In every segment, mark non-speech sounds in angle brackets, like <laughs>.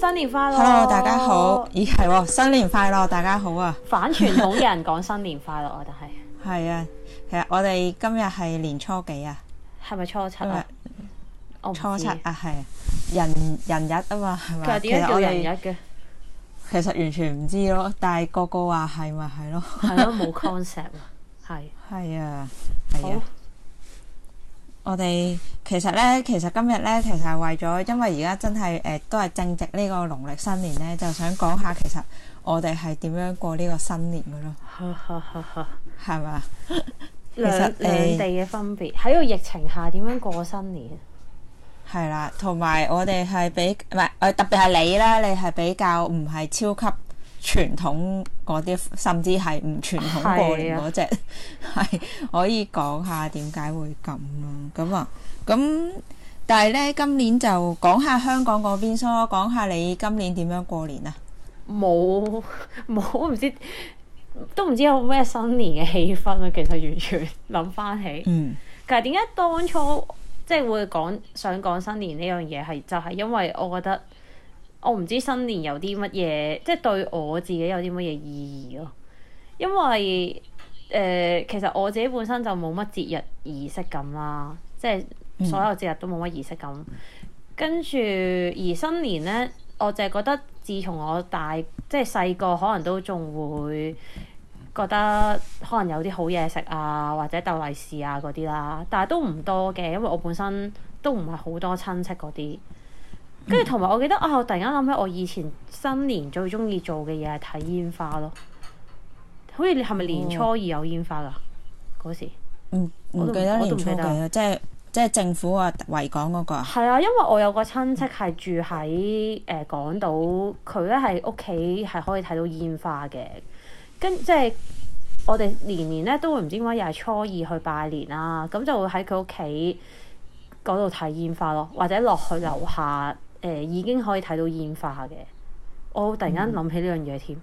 新年快樂！Hello，大家好，oh. 咦，係、哦，新年快樂，大家好啊！反傳統嘅人講新年快樂啊， <laughs> 但係是係啊，其實我哋今日係年初幾啊？係咪初七啊？初七啊，係、啊、人人日啊嘛，係咪？其實有人日嘅？其實完全唔知咯，但係個個話係咪係咯？係 <laughs> 咯、啊，冇 concept 啊，係係 <laughs> 啊，係啊。我哋其實咧，其實今日咧，其實係為咗，因為而家真係誒、呃，都係正值呢個農曆新年咧，就想講下其實我哋係點樣過呢個新年噶咯。哈哈哈哈哈，係咪 <laughs> 其實？兩兩 <laughs> 地嘅分別喺個疫情下點樣過新年？係啦， <laughs> 同埋我哋係比唔係誒，特別係你咧，你係比較唔係超級。傳統嗰啲，甚至係唔傳統過年嗰隻，係是、啊、 <laughs> 可以講下點解會咁咯？咁啊，咁但係呢，今年就講下香港嗰邊咯，所講下你今年點樣過年啊？冇，冇，唔知，都唔知有咩新年嘅氣氛啊！其實完全諗返起，嗯，但係點解當初即係、就是、會講想講新年呢樣嘢，係就係、是、因為我覺得。我唔知新年有啲乜嘢，即係對我自己有啲乜嘢意義咯、啊。因為誒、呃，其實我自己本身就冇乜節日儀式感啦、啊，即係所有節日都冇乜儀式感。嗯、跟住而新年呢，我淨係覺得自從我大，即係細個可能都仲會覺得可能有啲好嘢食啊，或者斗利是啊嗰啲啦。但係都唔多嘅，因為我本身都唔係好多親戚嗰啲。跟住同埋，我記得啊，我突然間諗起我以前新年最中意做嘅嘢係睇煙花咯。好似你係咪年初二有煙花㗎嗰、哦、時？唔唔不記得年初幾啊？即係即係政府啊，維港嗰、那個啊？係啊，因為我有個親戚係住喺誒、呃、港島，佢咧係屋企係可以睇到煙花嘅。跟即係我哋年年咧都會唔知點解又係初二去拜年啦、啊，咁就會喺佢屋企嗰度睇煙花咯，或者落去樓下。誒、呃、已經可以睇到煙花嘅，我突然間諗起呢樣嘢添，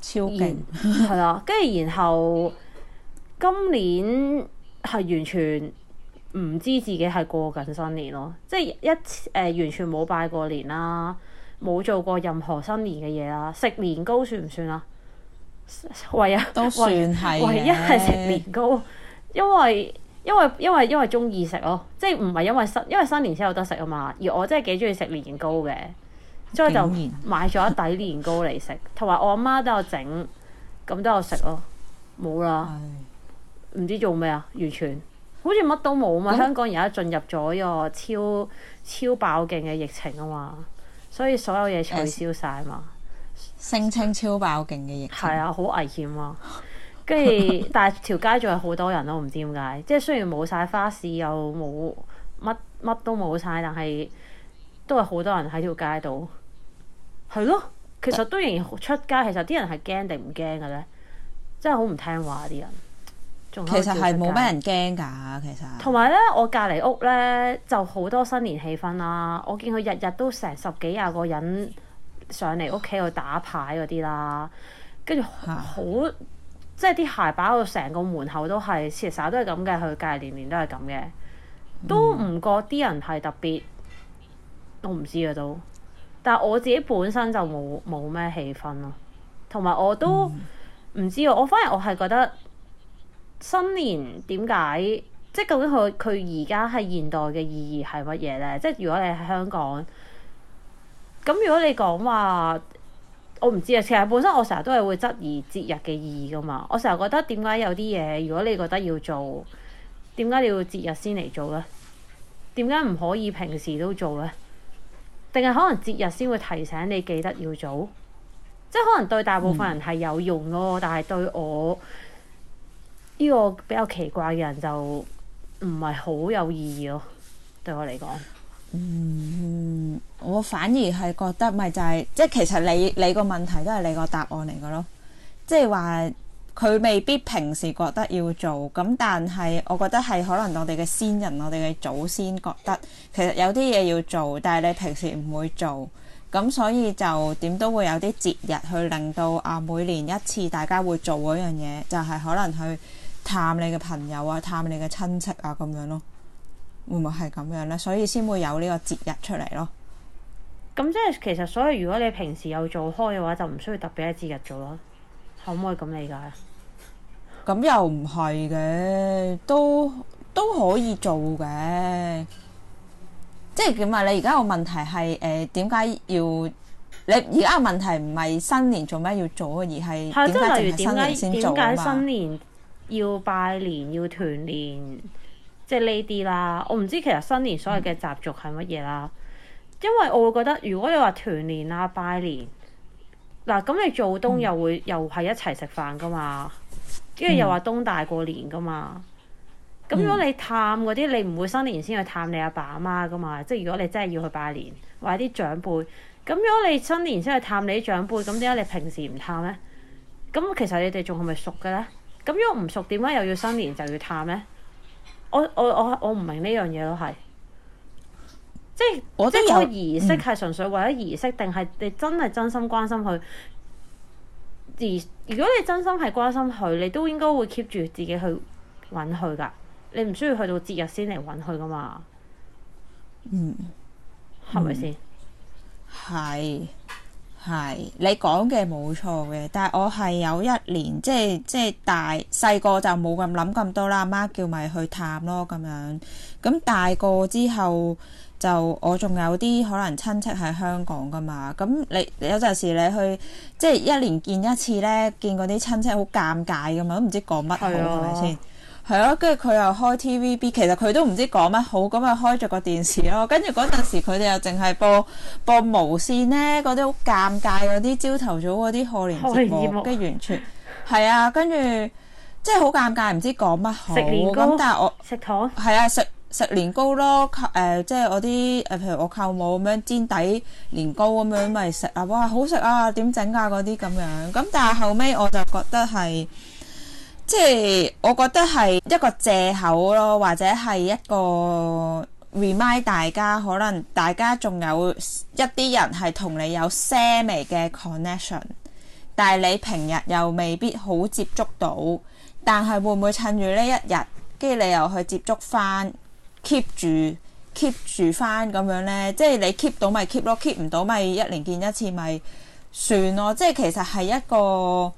超勁，係啊，跟住然後，然後今年係完全唔知自己係過緊新年咯，即係一誒、呃、完全冇拜過年啦、啊，冇做過任何新年嘅嘢啦。食年糕算唔算啊？唯一都算係唯一係食年糕，因為。因為因為因為中意食咯，即係唔係因為新因為新年先有得食啊嘛，而我真係幾中意食年糕嘅，所以就買咗一底年糕嚟食，同埋竟然 <laughs> 我阿媽都有整，咁都有食咯，冇啦，唔是知做咩啊，完全好似乜都冇啊嘛，哦、香港而家進入咗一個超超爆勁嘅疫情啊嘛，所以所有嘢取消晒嘛、呃，聲稱超爆勁嘅疫情，係啊，好危險啊！跟住， <laughs> 但係條街仲有好多人咯，唔知點解。即係雖然冇晒花市，又冇乜乜都冇晒，但係都係好多人喺條街度。係咯，其實都仍然出街。其實啲人係驚定唔驚嘅咧？真係好唔聽話啲人。其實係冇咩人驚㗎，其實。同埋咧，我隔離屋咧就好多新年氣氛啦。我見佢日日都成十幾廿個人上嚟屋企去打牌嗰啲啦，跟住好。 <laughs> 即係啲鞋擺到成個門口都係，其實都係咁嘅，佢隔年年都係咁嘅，都唔覺啲人係特別，我唔知啊都。但係我自己本身就冇冇咩氣氛咯，同埋我都唔知啊。我，知嗯、我反而我係覺得新年點解，即係究竟佢佢而家喺現代嘅意義係乜嘢咧？即係如果你喺香港，咁如果你講話。我唔知啊，其實本身我成日都係會質疑節日嘅意義㗎嘛。我成日覺得點解有啲嘢如果你覺得要做，點解你要節日先嚟做呢？點解唔可以平時都做呢？定係可能節日先會提醒你記得要做？即係可能對大部分人係有用咯，嗯、但係對我呢個比較奇怪嘅人就唔係好有意義咯，對我嚟講。嗯，我反而係覺得，就是，咪就係即係，其實你你個問題都係你個答案嚟噶咯，即係話佢未必平時覺得要做，咁但係我覺得係可能我哋嘅先人，我哋嘅祖先覺得，其實有啲嘢要做，但係你平時唔會做，咁所以就點都會有啲節日去令到啊每年一次，大家會做嗰樣嘢，就係、是、可能去探你嘅朋友啊，探你嘅親戚啊咁樣咯。會唔會係咁樣咧？所以先會有呢個節日出嚟咯。咁即係其實，所以如果你平時有做開嘅話，就唔需要特別喺節日做咯。可唔可以咁理解？咁 <laughs> 又唔係嘅，都都可以做嘅。即係點啊？你而家個問題係誒，點、呃、解要你而家個問題唔係新年做咩要做啊？而係點解？點解要新年先做？點解新年要拜年要團年？即係呢啲啦，我唔知其實新年所有嘅習俗係乜嘢啦。嗯、因為我會覺得，如果你話團年啦、拜年，嗱咁你做冬又會又係一齊食飯噶嘛，跟住、嗯、又話冬大過年噶嘛。咁如果你探嗰啲，你唔會新年先去探你阿爸阿媽噶嘛？即係如果你真係要去拜年，或者啲長輩，咁如果你新年先去探你啲長輩，咁點解你平時唔探咧？咁其實你哋仲係咪熟嘅咧？咁如果唔熟，點解又要新年就要探咧？我我我我唔明呢樣嘢咯，係，即係即係個儀式係純粹為咗儀式，定係、嗯、你真係真心關心佢？而如果你真心係關心佢，你都應該會 keep 住自己去揾佢噶，你唔需要去到節日先嚟揾佢噶嘛？嗯，係咪先？係。係，你講嘅冇錯嘅，但係我係有一年，即係即係大細個就冇咁諗咁多啦。阿媽叫咪去探咯咁樣，咁大個之後就我仲有啲可能親戚喺香港噶嘛，咁你有陣時你去即係一年見一次咧，見嗰啲親戚好尷尬噶嘛，都唔知講乜好係咪先？係咯，跟住佢又開 TVB，其實佢都唔知講乜好，咁咪開咗個電視咯。跟住嗰陣時，佢哋又淨係播播無線咧，嗰啲好尷尬嗰啲，朝頭早嗰啲賀年賀年節目，跟住完全係啊，跟住即係好尷尬，唔知講乜好。食年糕，咁但係我食糖係啊，食食年糕咯，誒、呃，即係我啲誒，譬如我舅母咁樣煎底年糕咁樣咪食啊，哇，好食啊，點整啊？嗰啲咁樣。咁但係後尾我就覺得係。即係我覺得係一個借口咯，或者係一個 remind 大家，可能大家仲有一啲人係同你有些微嘅 connection，但係你平日又未必好接觸到。但係會唔會趁住呢一日，跟住你又去接觸翻，keep 住 keep 住翻咁樣呢？即係你 keep 到咪 keep 咯，keep 唔到咪一年見一次咪算咯？即係其實係一個。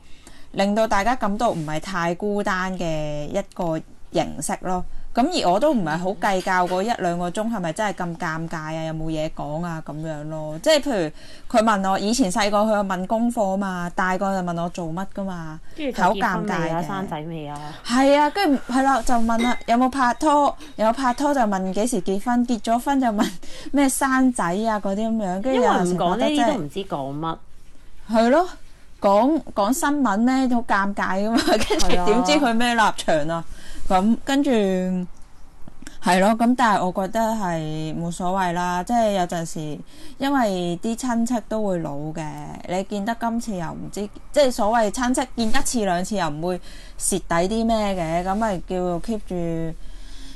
令到大家感到唔係太孤單嘅一個形式咯，咁而我都唔係好計較過一兩個鐘係咪真係咁尷尬啊，有冇嘢講啊咁樣咯。即係譬如佢問我以前細個佢有問功課啊嘛，大個就問我做乜噶嘛，好尷尬嘅，啊。生仔未啊？係啊，跟住係啦，就問啦，啊，有冇拍拖？有冇拍拖就問幾時結婚？結咗婚就問咩生仔啊嗰啲咁樣。跟住有人講呢，都唔知講乜。係咯，啊。講講新聞咧，好尷尬噶嘛，跟住點知佢咩立場啊？咁、嗯、跟住係咯，咁但係我覺得係冇所謂啦。即係有陣時，因為啲親戚都會老嘅，你見得今次又唔知，即係所謂親戚見一次兩次又唔會蝕底啲咩嘅，咁咪叫 keep 住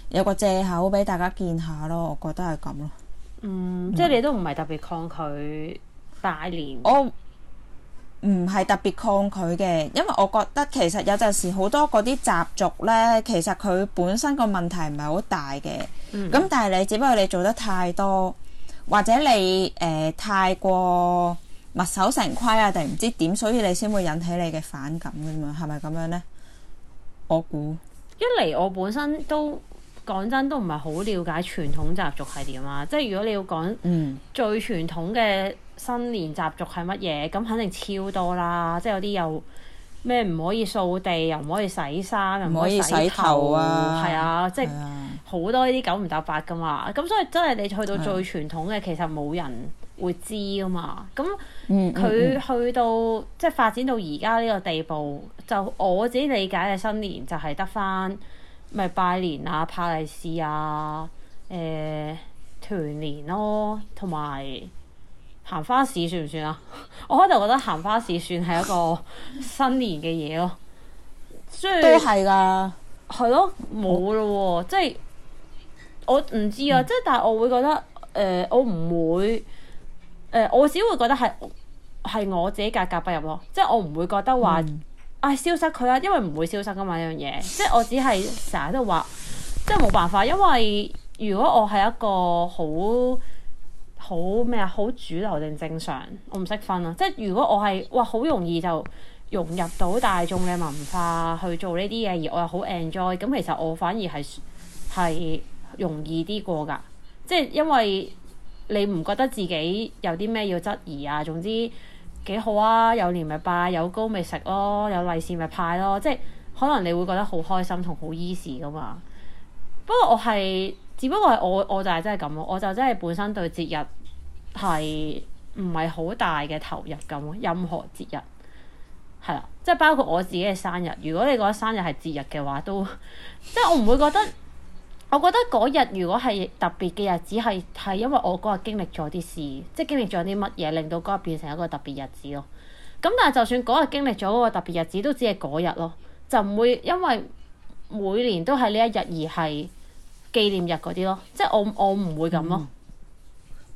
有個借口俾大家見下咯。我覺得係咁咯。嗯，嗯，即係你都唔係特別抗拒大年。我。唔係特別抗拒嘅，因為我覺得其實有陣時好多嗰啲習俗咧，其實佢本身個問題唔係好大嘅。咁、嗯嗯、但係你只不過你做得太多，或者你誒、呃、太過墨守成規啊，定唔知點，所以你先會引起你嘅反感嘅嘛？係咪咁樣呢？我估一嚟，我本身都。講真都唔係好了解傳統習俗係點啊！即係如果你要講、嗯、最傳統嘅新年習俗係乜嘢，咁肯定超多啦！即係有啲又咩唔可以掃地，又唔可以洗衫，又唔可，可以洗頭啊！係啊，即係好多呢啲九唔搭八噶嘛！咁所以真係你去到最傳統嘅，啊、其實冇人會知噶嘛！咁佢去到、嗯嗯嗯、即係發展到而家呢個地步，就我自己理解嘅新年就係得返，咪拜年啊、派利是啊、誒、呃、團年咯，同埋行花市算唔算啊？我開頭覺得行花市算係一個新年嘅嘢咯，所以都係㗎。係咯，冇咯喎，即係我唔知啊。即係、嗯、但係我會覺得誒、呃，我唔會誒、呃，我只會覺得係係我自己格格不入咯。即係我唔會覺得話。嗯啊！消失佢啊，因為唔會消失㗎嘛，呢樣嘢。即係我只係成日都話，即係冇辦法。因為如果我係一個好好咩啊，好主流定正，正常，我唔識分啊。即係如果我係哇，好容易就融入到大眾嘅文化去做呢啲嘢，而我又好 enjoy，咁其實我反而係係容易啲過㗎。即係因為你唔覺得自己有啲咩要質疑啊？總之。幾好啊！有年咪拜，有糕咪食咯，有利是咪派咯，即係可能你會覺得好開心同好 easy 㗎嘛。不過我係，只不過係我，我就係真係咁咯。我就真係本身對節日係唔係好大嘅投入咁。任何節日係啦，即係包括我自己嘅生日。如果你覺得生日係節日嘅話，都即係我唔會覺得。我覺得嗰日如果係特別嘅日子，係係因為我嗰日經歷咗啲事，即係經歷咗啲乜嘢，令到嗰日變成一個特別日子咯。咁但係就算嗰日經歷咗嗰個特別日子，都只係嗰日咯，就唔會因為每年都係呢一日而係紀念日嗰啲咯。即係我我唔會咁咯。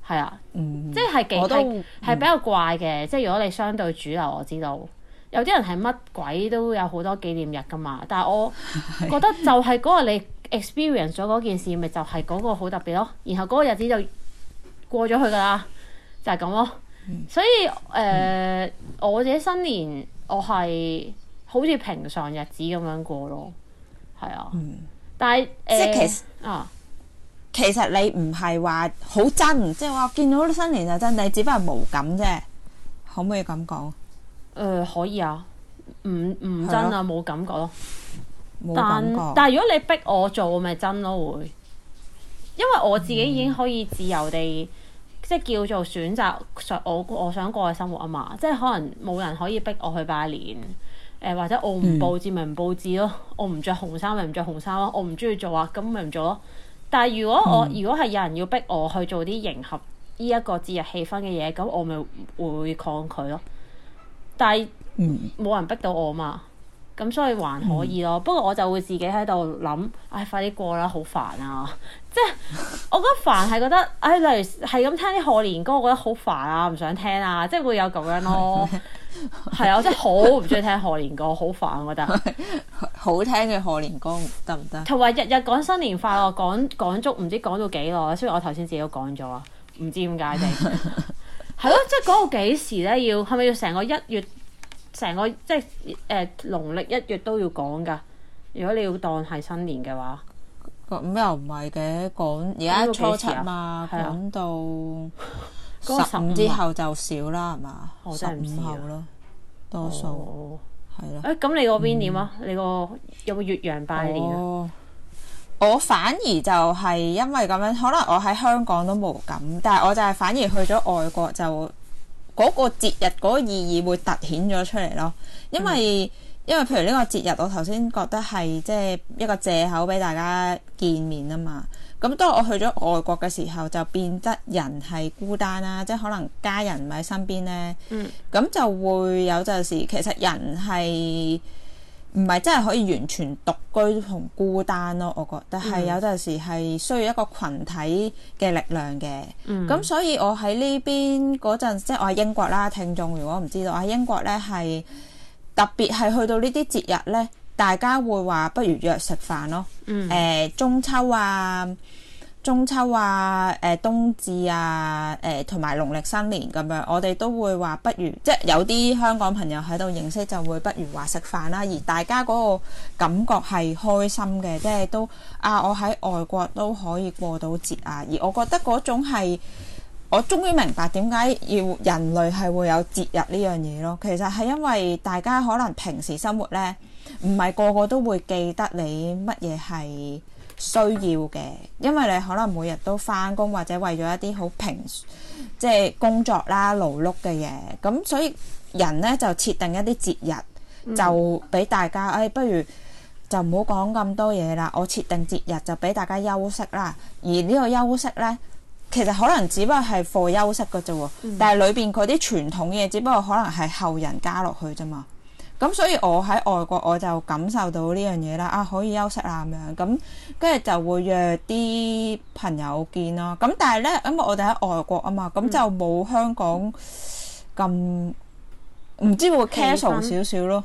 係、嗯、啊，嗯、即係幾、係係比較怪嘅。嗯、即係如果你相對主流，我知道有啲人係乜鬼都有好多紀念日㗎嘛。但係我是 <laughs> 覺得就係嗰日你。Experience 咗嗰件事，咪就係、是、嗰個好特別咯。然後嗰個日子就過咗去噶啦，就係、是、咁咯。嗯、所以誒，呃嗯、我自己新年我係好似平常日子咁樣過咯。係啊，嗯、但係誒，呃、即其啊，其實你唔係話好真，嗯、即係話見到新年就真，你只不過無感啫。可唔可以咁講？誒、呃，可以啊，唔唔真啊，冇對咯 感覺咯。但但如果你逼我做，咪、就是、真咯，會，因為我自己已經可以自由地，嗯、即係叫做選擇上我我，我想過嘅生活啊嘛，即係可能冇人可以逼我去拜年，誒、呃、或者我唔布置咪唔布置咯，嗯、我唔着紅衫咪唔着紅衫咯，我唔中意做啊咁咪唔做咯。但係如果我、嗯、如果係有人要逼我去做啲迎合呢一個節日氣氛嘅嘢，咁我咪會抗拒咯。但係冇人逼到我啊嘛。嗯咁所以還可以咯，不過我就會自己喺度諗，唉，快啲過啦，好煩啊！即係我覺得煩係覺得，唉，例如係咁聽啲賀年歌，我覺得好煩啊，唔想聽啊，即係會有咁樣咯。係啊嗎，我真係好唔中意聽賀年歌，好煩啊，覺得。 <laughs> 好聽嘅賀年歌得唔得？同埋日日講新年快樂，講講足唔知講到幾耐，雖然我頭先自己都講咗，啊，唔知點解定係咯？即係講到幾時咧？要係咪要成個一月？成個即係誒、呃、農曆一月都要講㗎，如果你要當係新年嘅話，咁又唔係嘅講，而家初七嘛，講到十五之後就少啦，係嘛的？十五後咯，多數係咯。誒、哦，咁的你嗰邊點啊？嗯、你個有冇越洋拜年啊？我反而就係因為咁樣，可能我喺香港都冇咁，但係我就係反而去咗外國就。嗰個節日嗰個意義會突顯咗出嚟咯，因為因為譬如呢個節日，我頭先覺得係即係一個藉口俾大家見面啊嘛。咁當我去咗外國嘅時候，就變得人係孤單啦，即係可能家人唔喺身邊咧，咁，嗯，就會有陣時，其實人係。唔係真係可以完全獨居同孤單咯，我覺得係、嗯、有陣時係需要一個群體嘅力量嘅。咁、嗯、所以我喺呢邊嗰陣，即係我喺英國啦。聽眾如果唔知道我喺英國咧，係特別係去到呢啲節日咧，大家會話不如約食飯咯。誒、嗯呃、中秋啊～中秋啊，誒、呃、冬至啊，誒同埋農曆新年咁樣，我哋都會話不如，即係有啲香港朋友喺度認識就會不如話食飯啦。而大家嗰個感覺係開心嘅，即係都啊，我喺外國都可以過到節啊。而我覺得嗰種係，我終於明白點解要人類係會有節日呢樣嘢咯。其實係因為大家可能平時生活咧，唔係個個都會記得你乜嘢係。需要嘅，因為你可能每日都翻工或者為咗一啲好平，即係工作啦、勞碌嘅嘢，咁所以人咧就設定一啲節日，就俾大家，嗯、哎，不如就唔好講咁多嘢啦，我設定節日就俾大家休息啦。而呢個休息咧，其實可能只不過係 for 休息嘅啫喎，嗯、但係裏邊嗰啲傳統嘢，只不過可能係後人加落去啫嘛。咁所以，我喺外國我就感受到呢樣嘢啦，啊可以休息啊咁樣，咁跟住就會約啲朋友見咯。咁但係咧，因為我哋喺外國啊嘛，咁就冇香港咁唔知會 casual、啊、氣氛少，少少咯。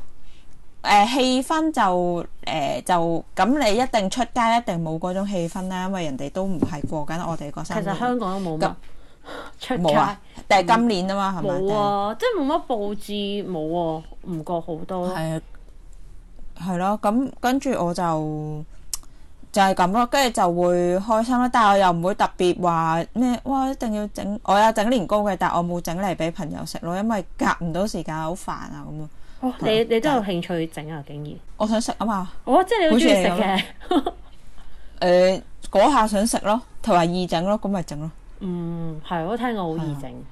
誒、呃、氣氛就誒、呃、就咁，你一定出街一定冇嗰種氣氛啦，因為人哋都唔係過緊我哋個生活。其實香港都冇乜出街，但係、啊、今年啊嘛，係咪？冇啊，即係冇乜布置，冇喎、啊，唔覺好多。係啊，係咯、啊，咁跟住我就就係咁咯，跟住就會開心啦。但係我又唔會特別話咩，哇！一定要整，我有整年糕嘅，但我冇整嚟俾朋友食咯，因為夾唔到時間，好煩啊咁樣。哦，但你你都有興趣整啊？竟然，我想食啊嘛。我、哦、即係你好中意食嘅。誒，嗰、 <laughs> 呃、下想食咯，同埋易整咯，咁咪整咯。嗯，係，我聽過好易整，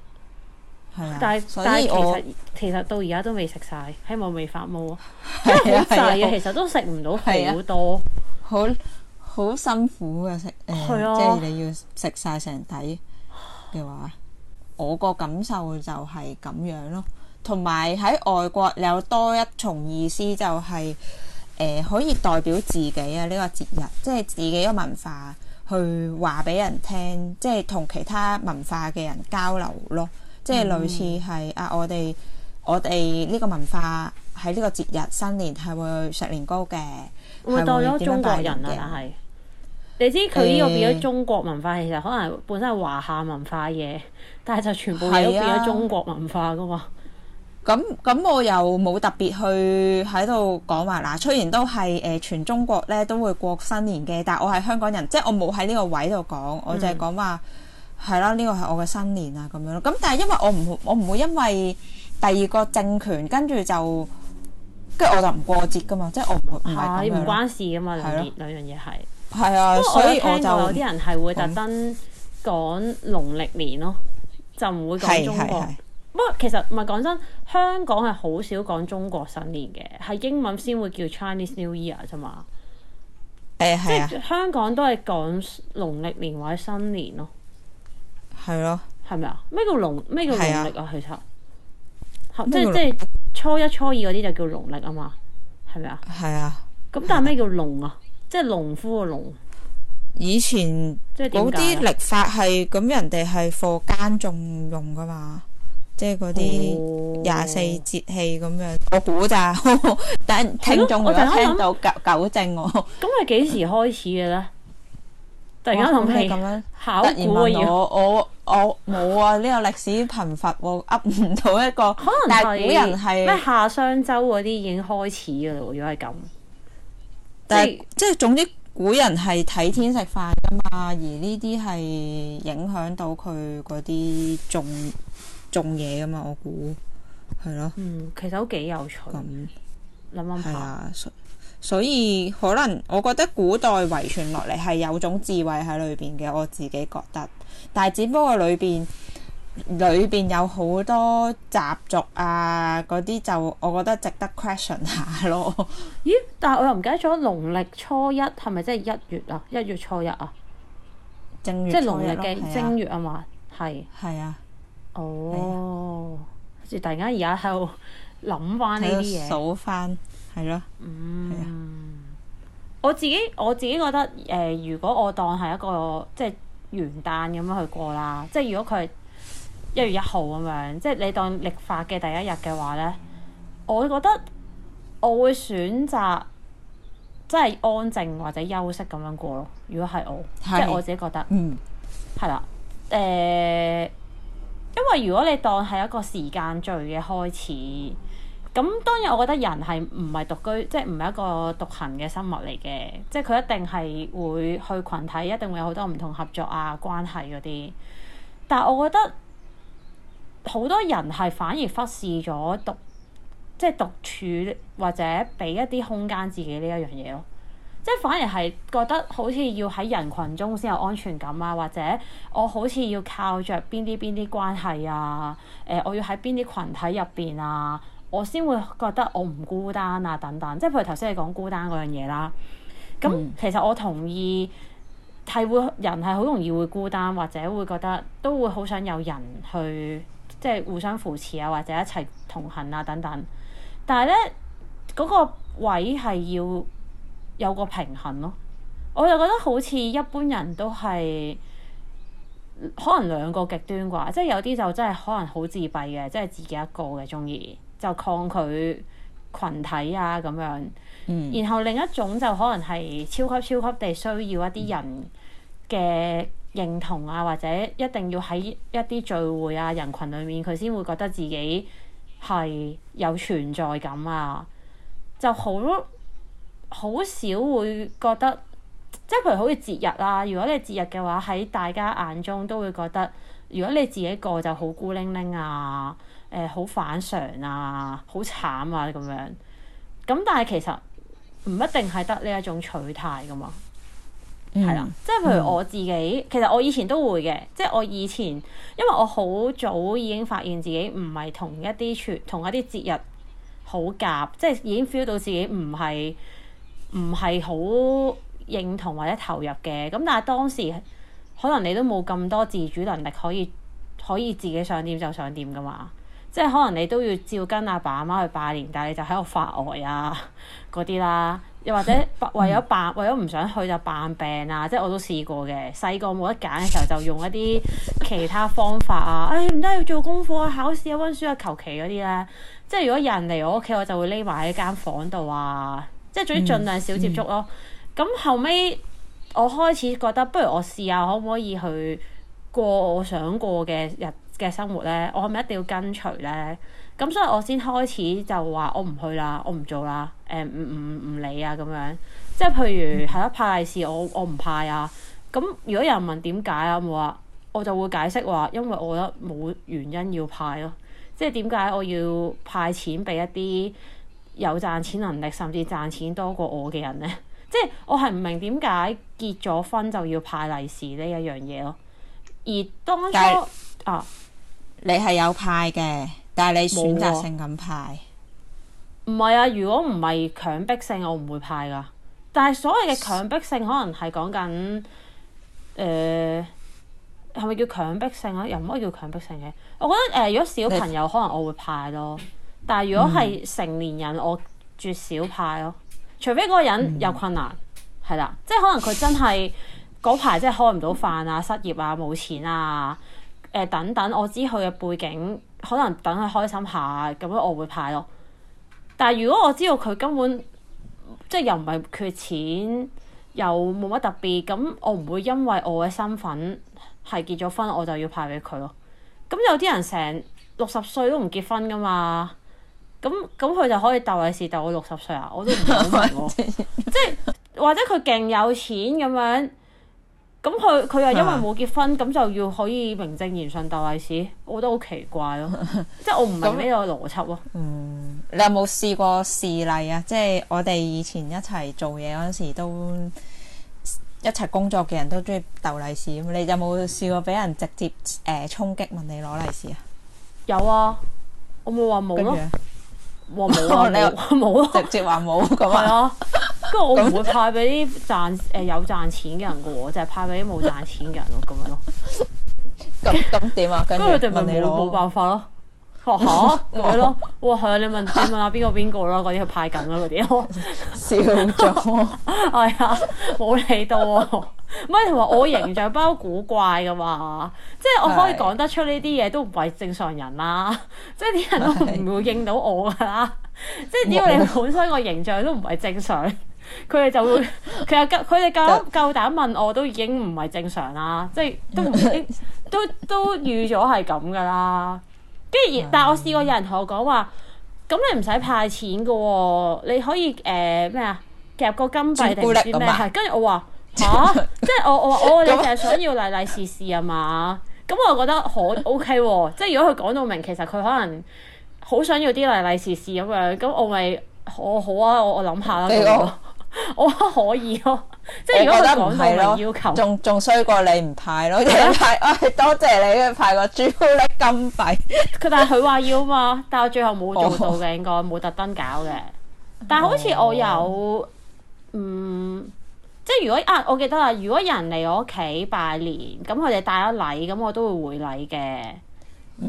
啊、但係以但係其實我其實到而家都未食晒，希望未發毛啊！即係食曬嘅，的其實都食唔到好多，好好辛苦啊食誒，呃、的即係你要食晒成體嘅話，的我個感受就係咁樣咯。同埋喺外國有多一重意思、就係，就係誒可以代表自己啊呢、呢個節日，即係自己個文化。去話俾人聽，即係同其他文化嘅人交流咯，即係類似係、嗯、啊！我哋我哋呢個文化喺呢個節日新年係會食年糕嘅，會代咗中國人啊！但係你知佢呢個變咗中國文化，欸、其實可能本身係華夏文化嘢，但係就全部都變咗中國文化噶嘛。咁咁我又冇特別去喺度講話嗱，雖然都係誒、呃、全中國咧都會過新年嘅，但係我係香港人，即係我冇喺呢個位度講，我就係講話係咯，呢個係我嘅新年啊咁樣咯。咁但係因為我唔會我唔會因為第二個政權跟住就跟住我就唔過節噶、啊、嘛，即係我唔會係你唔關事噶嘛，兩件兩樣嘢係係啊。的所以我就有啲人係會特登講農曆年咯，說就唔會講中國。不過，其實唔係講真，香港係好少講中國新年嘅，係英文先會叫 Chinese New Year 啫嘛。誒係、欸啊、香港都係講農曆年或者新年咯。係咯，係咪啊？咩叫農？咩叫農曆啊？其實、啊、即係即係初一初二嗰啲就叫農曆啊嘛，係咪啊？係啊。咁但咩叫農啊？即農夫嘅農。以前即嗰啲曆法係咁，人哋係課間仲用㗎嘛。即係嗰啲廿四節氣咁樣，我估咋，但聽眾有聽到糾正我。咁係幾時開始嘅咧？突然間諗起咁樣考古我，我我冇啊。呢個歷史貧乏，噏唔到一個。可能係咩夏商周嗰啲已經開始噶啦？如果係咁，即即係總之，古人係睇天食飯噶嘛，而呢啲係影響到佢嗰啲種種嘢噶嘛，我估係咯。嗯，其實都幾有趣。咁諗諗下。係啊，所以，所以可能我覺得古代遺傳落嚟係有種智慧喺裏邊嘅，我自己覺得。但係只不過裏邊裏邊有好多習俗啊，嗰啲就我覺得值得 question 下咯。咦？但係我又唔記得咗，農曆初一係咪即係一月啊？一月初一啊？正月。即係農曆嘅正月啊嘛？係。係啊的。哦，好似、oh, 哎、呀突然間而家喺度諗翻呢啲嘢，數翻係咯。嗯，了我自己我自己覺得，誒、呃，如果我當係一個即係元旦咁樣去過啦，即係如果佢係一月一號咁樣，嗯、即係你當歷法嘅第一日嘅話呢，我覺得我會選擇即係安靜或者休息咁樣過咯。如果係我，是即係我自己覺得，嗯，係啦，誒、嗯。呃因為如果你當係一個時間序嘅開始，咁當然我覺得人係唔係獨居，即係唔係一個獨行嘅生物嚟嘅，即係佢一定係會去群體，一定會有好多唔同合作啊、關係嗰啲。但係我覺得好多人係反而忽視咗獨，即係獨處或者俾一啲空間自己呢一樣嘢咯。即係反而係覺得好似要喺人群中先有安全感啊，或者我好似要靠着邊啲邊啲關係啊，誒、呃，我要喺邊啲群體入邊啊，我先會覺得我唔孤單啊，等等。即係譬如頭先你講孤單嗰樣嘢啦，咁其實我同意係會人係好容易會孤單，或者會覺得都會好想有人去即係互相扶持啊，或者一齊同行啊，等等。但係咧嗰個位係要。有個平衡咯、啊，我就覺得好似一般人都係可能兩個極端啩，即係有啲就真係可能好自閉嘅，即係自己一個嘅中意就抗拒群體啊咁樣，嗯、然後另一種就可能係超級超級地需要一啲人嘅認同啊，嗯、或者一定要喺一啲聚會啊人群裏面佢先會覺得自己係有存在感啊，就好。好少會覺得，即係譬如好似節日啊。如果你節日嘅話，喺大家眼中都會覺得，如果你自己過就好孤零零啊，誒、呃、好反常啊，好慘啊咁樣。咁但係其實唔一定係得呢一種取態噶嘛，係、嗯、啦，即係譬如我自己，嗯、其實我以前都會嘅，即係我以前，因為我好早已經發現自己唔係同一啲同一啲節日好夾，即係已經 feel 到自己唔係。唔係好認同或者投入嘅，咁但係當時可能你都冇咁多自主能力可以可以自己想點就想點噶嘛，即係可能你都要照跟阿爸阿媽去拜年，但係你就喺度發呆啊嗰啲啦，又或者為咗扮為咗唔想去就扮病啊，即係我都試過嘅。細個冇得揀嘅時候就用一啲其他方法啊，唉唔得要做功課啊、考試啊、溫書啊求其嗰啲咧。即係如果有人嚟我屋企，我就會匿埋喺間房度啊。即係總之盡量少接觸咯。咁、嗯嗯、後尾，我開始覺得，不如我試下可唔可以去過我想過嘅人嘅生活咧？我係咪一定要跟隨咧？咁所以我先開始就話我唔去啦，我唔做啦。誒唔唔唔理啊咁樣。即係譬如係咯、嗯、派利是，我我唔派啊。咁如果有人問點解啊，我話我就會解釋話，因為我覺得冇原因要派咯、啊。即係點解我要派錢俾一啲？有賺錢能力甚至賺錢多過我嘅人呢？ <laughs> 即係我係唔明點解結咗婚就要派利是呢一樣嘢咯。而當初是啊，你係有派嘅，但係你選擇性咁派。唔係啊，啊，如果唔係強迫性，我唔會派噶。但係所謂嘅強、呃、強迫性，可能係講緊誒，係咪叫強迫性啊？又唔可以叫強迫性嘅。我覺得誒、呃，如果小朋友，你 可能我會派咯。但係如果係成年人，我絕少派咯，除非嗰個人有困難，係啦、嗯，即係可能佢真係嗰排即係開唔到飯啊、失業啊、冇錢啊、誒、呃、等等，我知佢嘅背景，可能等佢開心下，咁樣我會派咯。但係如果我知道佢根本即係又唔係缺錢，又冇乜特別，咁我唔會因為我嘅身份係結咗婚我就要派俾佢咯。咁有啲人成六十歲都唔結婚㗎嘛～咁咁佢就可以鬥利是鬥我六十歲啊！我都唔明喎， <laughs> 即係或者佢勁有錢咁樣，咁佢佢又因為冇結婚，咁 <laughs> 就要可以名正言順鬥利是，我覺得好奇怪咯、啊，即係我唔明呢個邏輯咯、啊。 <laughs> 嗯，你有冇試過示例啊？即係我哋以前一齊做嘢嗰陣時，都一齊工作嘅人都中意鬥利是咁。你有冇試過俾人直接誒衝擊問你攞利是啊？有啊，我冇話冇咯。哇冇啊你，哇冇、哦、啊，有啊直接話冇咁啊，跟住我唔會派俾啲賺，誒、 <laughs> 呃、有賺錢嘅人嘅就係派俾啲冇賺錢嘅人咯，咁樣咯，咁咁點啊？跟住佢問你咯，冇辦法咯。哦，係咯，哇！係你問你問下邊個邊個咯？嗰啲去派緊咯，嗰啲笑咗係啊，冇、 <laughs> 哎、理到啊！唔係同埋我形象包古怪噶嘛，即係我可以講得出呢啲嘢都唔係正常人啦、啊，即係啲人都唔會認到我噶啦，的即係因為你本身個形象都唔係正常，佢哋 <laughs> 就會其實佢哋夠夠膽問我都已經唔係正常啦，即係都都都預咗係咁噶啦。跟住，但係我試過有人同我講話，咁、嗯、你唔使派錢嘅喎、哦，你可以誒咩啊夾個金幣定唔知咩？係跟住我話吓？啊、 <laughs> 即係我我我、哦、你淨係想要利利是是啊嘛？咁、嗯、我覺得可 OK 即係如果佢講到明，其實佢可能好想要啲利利是是咁樣，咁我咪我好啊，我我諗下啦。 <laughs> <laughs> 我可以咯， <laughs> 即係如果講購物要求，仲仲衰過你唔派咯，而家派，我係多謝你嘅派個朱古力金幣。佢 <laughs> 但係佢話要啊嘛，但係我最後冇做到嘅，應該冇特登搞嘅。但係好似我有，哦、嗯，即係如果啊，我記得啦，如果有人嚟我屋企拜年，咁佢哋帶咗禮，咁我都會回禮嘅，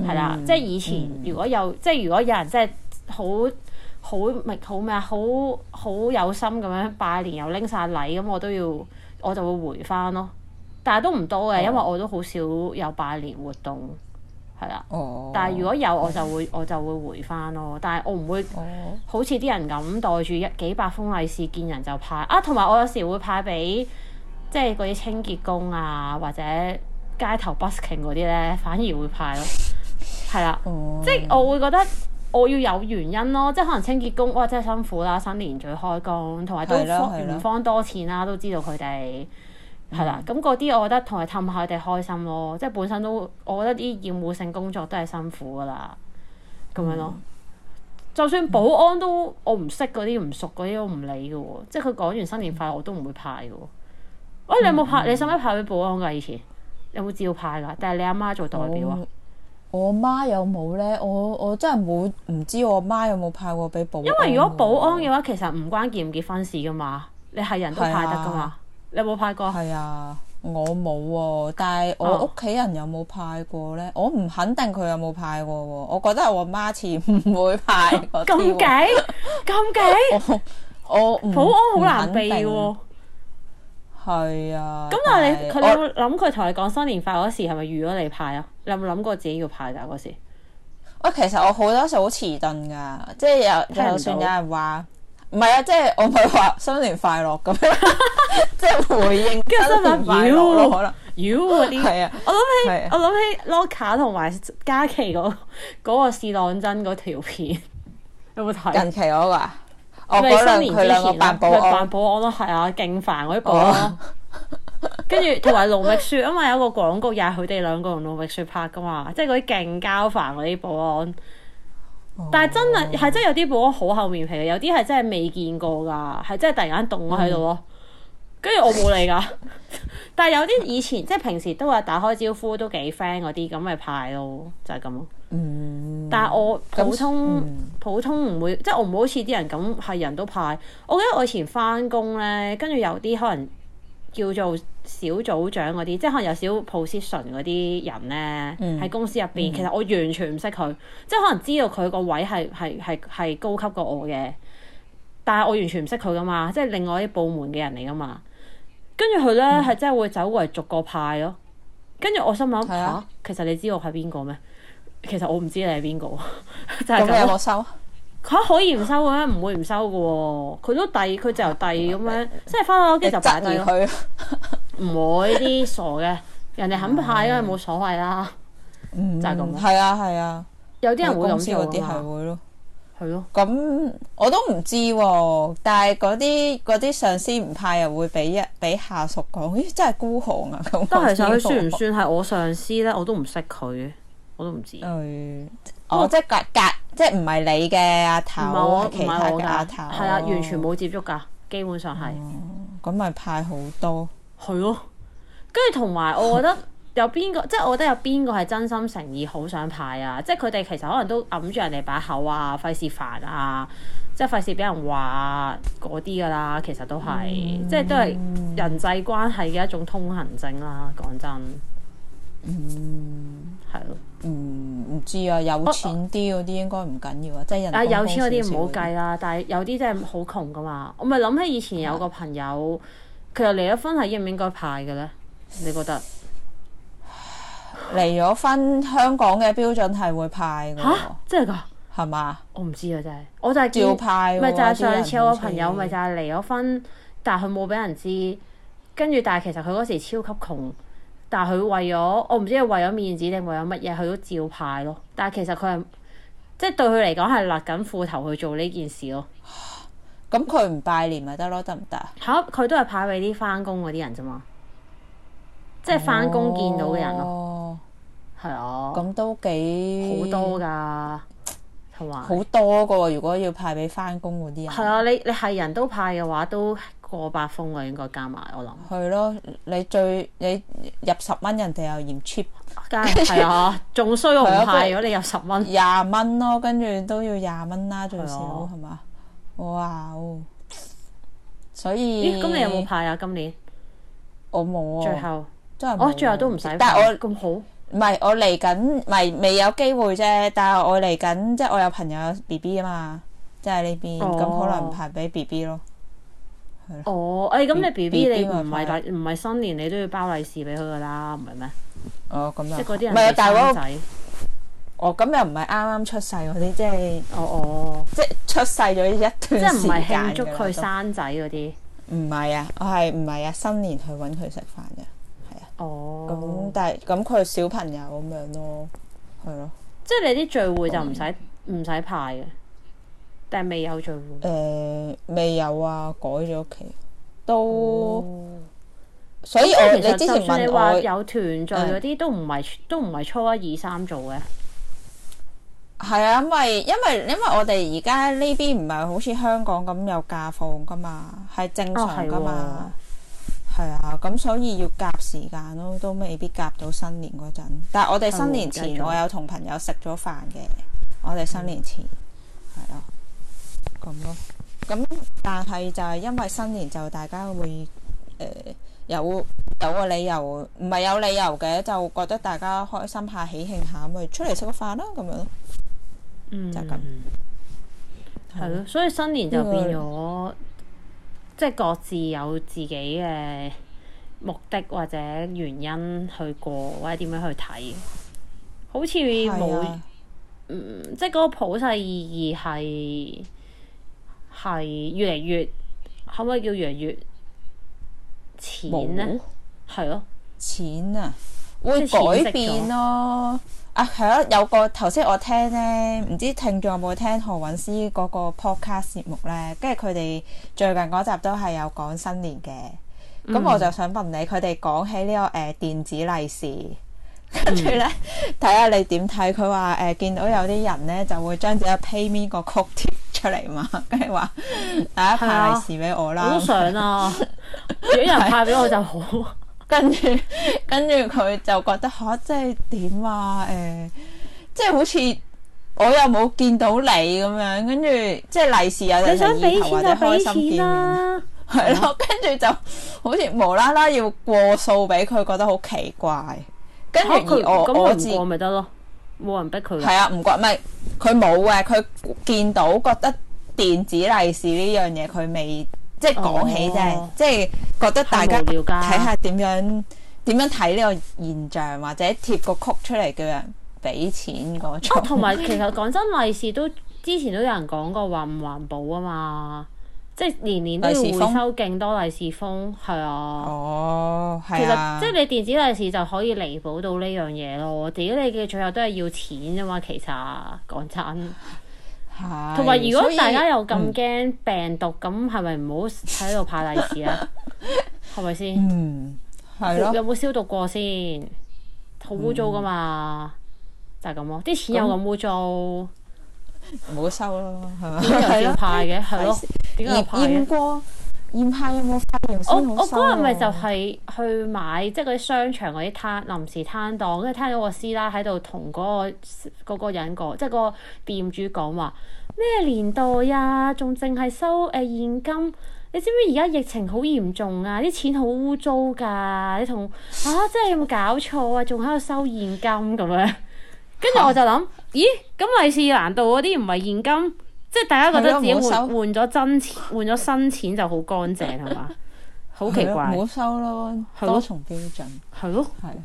係啦、嗯。即係以前如果有，嗯、即係如果有人即係好。好咪好咩啊！好好有心咁樣拜年又拎晒禮咁，我都要我就會回返咯。但係都唔多嘅，oh. 因為我都好少有拜年活動，係啦。Oh. 但係如果有我就會我就會回返咯。但係我唔會、oh. 好似啲人咁袋住一幾百封利是見人就派啊。同埋我有時會派俾即係嗰啲清潔工啊，或者街頭 busking 嗰啲呢，反而會派咯。係啦。Oh. 即係我會覺得。我要有原因咯，即係可能清潔工，哇，真係辛苦啦！新年仲要開工，同埋對方多錢啦，都知道佢哋係啦。咁嗰啲我覺得同埋氹下佢哋開心咯，即係本身都我覺得啲厭惡性工作都係辛苦噶啦，咁樣咯。嗯、就算保安都，嗯、我唔識嗰啲，唔熟嗰啲，我唔理嘅喎、哦。即係佢講完新年快樂，我都唔會派嘅喎。啊、欸，你有冇派？你使唔使派俾保安㗎以前？有冇照派㗎，定係你阿媽做代表啊？哦我媽有冇呢？我我真係冇，唔知我媽有冇派過俾保安。因為如果保安嘅話，其實唔關結唔結婚事㗎嘛，你係人都派得㗎嘛。啊、你有冇派過？係啊，我冇喎。但係我屋企人有冇派過呢？哦、我唔肯定佢有冇派過喎。我覺得係我媽似唔會派。咁勁？ <laughs> 咁勁？ <laughs> 我保安好難避喎。哦係啊，咁但係你佢有冇諗佢同你講新年快樂嗰時係咪預咗你派啊？你有冇諗過自己要派噶嗰時？喂，其實我好多時好遲鈍噶，即係有，就算有人話唔係啊，即係我唔係話新年快樂，咁即係回應新年快樂咯。可能，妖嗰啲，我諗起，我諗起 Loke 同埋嘉琪嗰嗰個試當真嗰條片，有冇睇？近期嗰個啊？佢咪新年之前咯，扮保安咯，係啊，勁煩嗰啲保安。跟住同埋盧覓雪，因為有一個廣告又係佢哋兩個用盧覓雪拍噶嘛，即係嗰啲勁交煩嗰啲保安。但係真係係真係有啲保安好厚面皮，有啲係真係未見過噶，係真係突然間凍咗喺度咯。嗯跟住我冇理噶， <laughs> 但係有啲以前 <laughs> 即係平時都話打開招呼都幾 friend 嗰啲，咁咪派咯，就係咁咯。嗯、但係我普通、嗯、普通唔會，即係我唔會好似啲人咁係人都派。我記得我以前翻工咧，跟住有啲可能叫做小組長嗰啲，即係可能有小 position 嗰啲人咧，喺、嗯、公司入邊，嗯、其實我完全唔識佢，嗯、即係可能知道佢個位係係係係高級過我嘅，但係我完全唔識佢噶嘛，即係另外啲部門嘅人嚟噶嘛。跟住佢咧，係真係會走嚟逐個派咯。跟住我心諗吓，其實你知我係邊個咩？其實我唔知你係邊個，就係咁樣。我收吓可以唔收嘅，咩？唔會唔收嘅。佢都遞，佢就由遞咁樣，即係翻到屋企就白掉佢。唔會啲傻嘅，人哋肯派嘅冇所謂啦。就係咁。係啊，係啊。有啲人會咁，有啲係會咯。係咯，咁、嗯、我都唔知喎。但係嗰啲嗰啲上司唔派又會俾一俾下屬講，咦、哎、真係孤寒啊！咁，但係其實佢算唔算係我上司咧？我都唔識佢，我都唔知。都即係隔隔，即係唔係你嘅阿頭？唔係我，唔係我嘅阿頭。係啊，完全冇接觸㗎，基本上係。咁咪、嗯、派好多。係咯、啊，跟住同埋我覺得。 <laughs> 有邊個即係？我覺得有邊個係真心誠意，好想派啊！即係佢哋其實可能都揞住人哋把口啊，費事煩啊，即係費事俾人話嗰啲噶啦。其實都係、嗯、即係都係人際關係嘅一種通行證啦。講真，嗯，係咯的，唔唔、嗯、知啊。有錢啲嗰啲應該唔緊要啊，即係人啊有錢啲唔好計啦。但係有啲真係好窮噶嘛。我咪諗起以前有個朋友，佢、嗯、又離咗婚，係應唔應該派嘅咧？你覺得？離咗婚，香港嘅標準係會派㗎。即真係噶？係嘛？我唔知啊，真係吧。我就係照派咪、啊、就係上次我個朋友，咪就係離咗婚，但係佢冇俾人知。跟住，但係其實佢嗰時超級窮，但係佢為咗，我唔知係為咗面子定為咗乜嘢，佢都照派咯。但係其實佢係，即、就、係、是、對佢嚟講係勒緊褲頭去做呢件事咯。咁佢唔拜年咪得咯？得唔得吓，佢、啊、都係派俾啲翻工嗰啲人咋嘛？即係翻工見到嘅人咯。哦係啊，咁都幾好多噶，同埋好多噶。如果要派俾翻工嗰啲人，係啊，你你係人都派嘅話，都過百封嘅應該加埋我諗。係咯，你最你入十蚊，人哋又嫌 cheap，係啊，仲衰過唔派，如果你入十蚊，廿蚊咯，跟住都要廿蚊啦，最少係嘛？哇哦！所以今日有冇派啊？今年我冇啊，最後真係我最後都唔使，但係我咁好。唔係，我嚟緊，係未有機會啫。但係我嚟緊，即係我有朋友 B B 啊嘛，即係呢邊，咁可能排俾 B B 咯。哦，誒，咁你 B B 你唔係唔係新年你都要包利是俾佢噶啦，唔係咩？哦，咁啊，即啲唔係啊，大佬仔。哦，咁又唔係啱啱出世嗰啲，即係哦哦，即係出世咗一段，即係唔係慶祝佢生仔嗰啲？唔係啊，我係唔係啊新年去搵佢食飯嘅。哦，咁、嗯、但係咁佢小朋友咁樣咯，係咯，即係你啲聚會就唔使唔使派嘅，定係未有聚會誒，未、呃、有啊，改咗期都，嗯、所以我其實你之前問我你有團聚嗰啲都唔係都唔係初一二三做嘅，係啊、嗯，因為因為因為我哋而家呢邊唔係好似香港咁有假放噶嘛，係正常噶嘛。哦，係係啊，咁所以要夾時間咯，都未必夾到新年嗰陣。但係我哋新年前，我有同朋友食咗飯嘅。我哋新年前，係、嗯、啊，咁咯。咁但係就係因為新年就大家會誒、呃、有有個理由，唔係有理由嘅，就覺得大家開心下、喜慶下，咪出嚟食個飯咯、啊，咁樣。嗯，就係咁。係咯，所以新年就變咗。即係各自有自己嘅目的或者原因去過，或者點樣去睇，好似冇是、啊嗯。即係嗰個普世意義係係越嚟越可唔可以叫越嚟越淺呢？係咯有，淺、哦、啊，會改變咯。啊，係咯、啊！有個頭先我聽咧，唔知聽眾有冇聽何韻詩嗰個 podcast 節目咧？跟住佢哋最近嗰集都係有講新年嘅，咁我就想問你，佢哋講起呢、呢個誒、呃、電子利是，跟住咧睇下你點睇？佢話誒見到有啲人咧就會將自己 pay me 個曲貼出嚟嘛，跟住話大家派利是俾我啦。的 <laughs> 我都想啊，有人 <laughs> 派俾我就好。跟住，跟住佢就覺得嚇、啊，即係點啊？誒、呃，即係好似我又冇見到你咁樣，跟住即係利是有陣時面頭或者開心見面，係咯。的啊、跟住就好似無啦啦要過數俾佢，覺得好奇怪。嚇佢咁知，我咪得咯，冇人逼佢。係啊，唔過咪佢冇嘅，佢見到覺得電子利是呢樣嘢，佢未。即係講起啫，哦、即係覺得大家睇下點樣點樣睇呢個現象，或者貼個曲出嚟叫人俾錢嗰種。同埋、哦、其實講真，利是都之前都有人講過話唔環保啊嘛，即係年年都要回收勁多利是封，係啊。哦、啊、其實即係你電子利是就可以彌補到呢樣嘢咯。屌你嘅最後都係要錢啫嘛，其實講、啊、真。同埋，是如果大家又咁驚病毒，咁係咪唔好喺度派利是啊？係咪先？嗯，係咯。有冇消毒過先？好污糟噶嘛，就係、是、咁咯。啲錢又咁污糟，唔好收咯，係嘛？又點派嘅，係咯，點解派嘅？現派有冇發票收我，我嗰日咪就係去買，即係嗰啲商場嗰啲攤臨時攤檔，跟住聽到個師奶喺度同嗰個、嗰個人講，即係個店主講，話咩年代啊，仲淨係收誒現金？你知唔知而家疫情好嚴重啊，啲錢好污糟㗎！你同啊，真係有冇搞錯啊？仲喺度收現金咁樣？跟 <laughs> 住我就諗，咦，咁利是難道嗰啲唔係現金？即係大家覺得自己換咗收真錢換咗新錢就好乾淨係嘛？好 <laughs> 奇怪，冇收咯，的多重標準係咯係，的的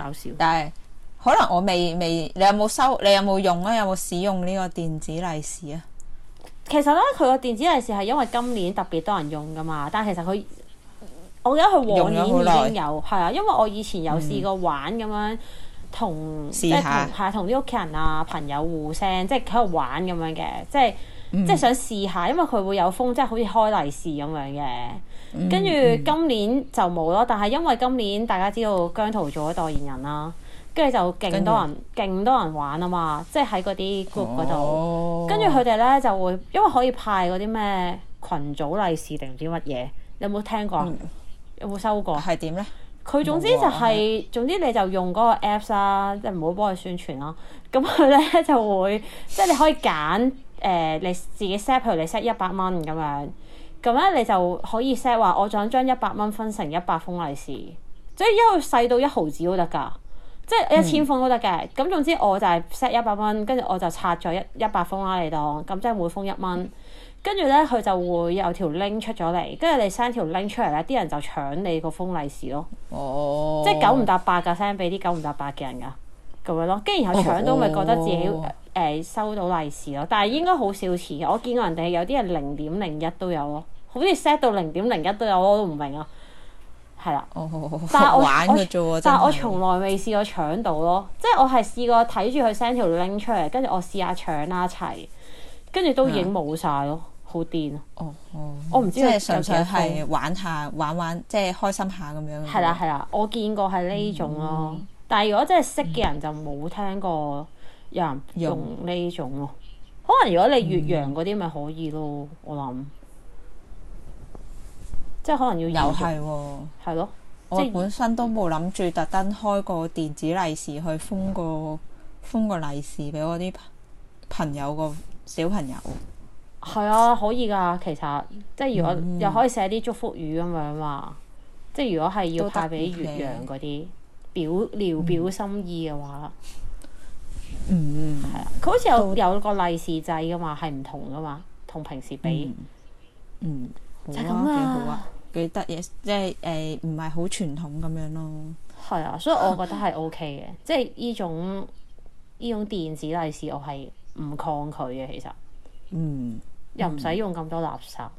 好搞笑。但係可能我未未，你有冇收？你有冇用啊？有冇使用呢個電子利是啊？其實咧，佢個電子利是係因為今年特別多人用噶嘛，但係其實佢，我記得係往年已經有，係啊，因為我以前有試過玩咁樣。嗯同即同啲屋企人啊朋友互相即係喺度玩咁樣嘅，即係即係、嗯、想試下，因為佢會有風，即係好似開利是咁樣嘅。跟住、嗯、今年就冇咯，但係因為今年大家知道姜濤做咗代言人啦，跟住就勁多人勁、嗯、多人玩啊嘛，即係喺嗰啲 group 嗰度。跟住佢哋咧就會因為可以派嗰啲咩群組利是定唔知乜嘢，你有冇聽過？嗯、有冇收過？係點咧？佢總之就係、是，啊、總之你就用嗰個 Apps 啦、啊，即係唔好幫佢宣傳咯、啊。咁佢咧就會，即、就、係、是、你可以揀誒、呃、你自己 set，譬如你 set 一百蚊咁樣，咁咧你就可以 set 話我想將一百蚊分成一百封利是，即係因為細到一毫子都得㗎，即係一千封都得嘅。咁、嗯、總之我就係 set 一百蚊，跟住我就拆咗一一百封啦你當，咁即係每封一蚊。嗯跟住咧，佢就會有條 link 出咗嚟，跟住你 send 條 link 出嚟咧，啲人就搶你個封利是咯。哦，即係九唔搭八嘅 send 俾啲九唔搭八嘅人㗎，咁樣咯。跟住然後搶到咪覺得自己誒、哦呃、收到利是咯。但係應該好少錢，我見過人哋有啲係零點零一都有咯，好似 set 到零點零一都有，我都唔明啊。係啦，哦、但係我玩佢啫喎，的但係我從來未試過搶到咯。即係我係試過睇住佢 send 條 link 出嚟，跟住我試下搶啦一齊，跟住都已經冇晒咯。嗯嗯。好癲、啊、哦！哦我唔知係純粹係玩下玩玩，即係開心下咁樣。係啦，係啦，我見過係呢種咯、啊。嗯、但係如果真係識嘅人就冇聽過有人用呢種咯、啊。嗯、可能如果你越洋嗰啲咪可以咯，我諗。嗯、即係可能要有係係咯。啊、的我本身都冇諗住特登開個電子利是去封個、嗯、封個利是俾我啲朋友個小朋友。係啊，可以噶，其實即係如果、嗯、又可以寫啲祝福語咁樣嘛，即係如果係要派俾閲陽嗰啲表聊表心意嘅話，嗯，係啊，佢好似有都有個利是掣噶嘛，係唔同噶嘛，同平時比，嗯，嗯，好啊，幾好啊，幾得意，即係誒唔係好傳統咁樣咯，係啊，所以我覺得係 O K 嘅， <laughs> 即係呢種呢種，種電子利是，我係唔抗拒嘅其實，嗯。又唔使用咁多垃圾，嗯、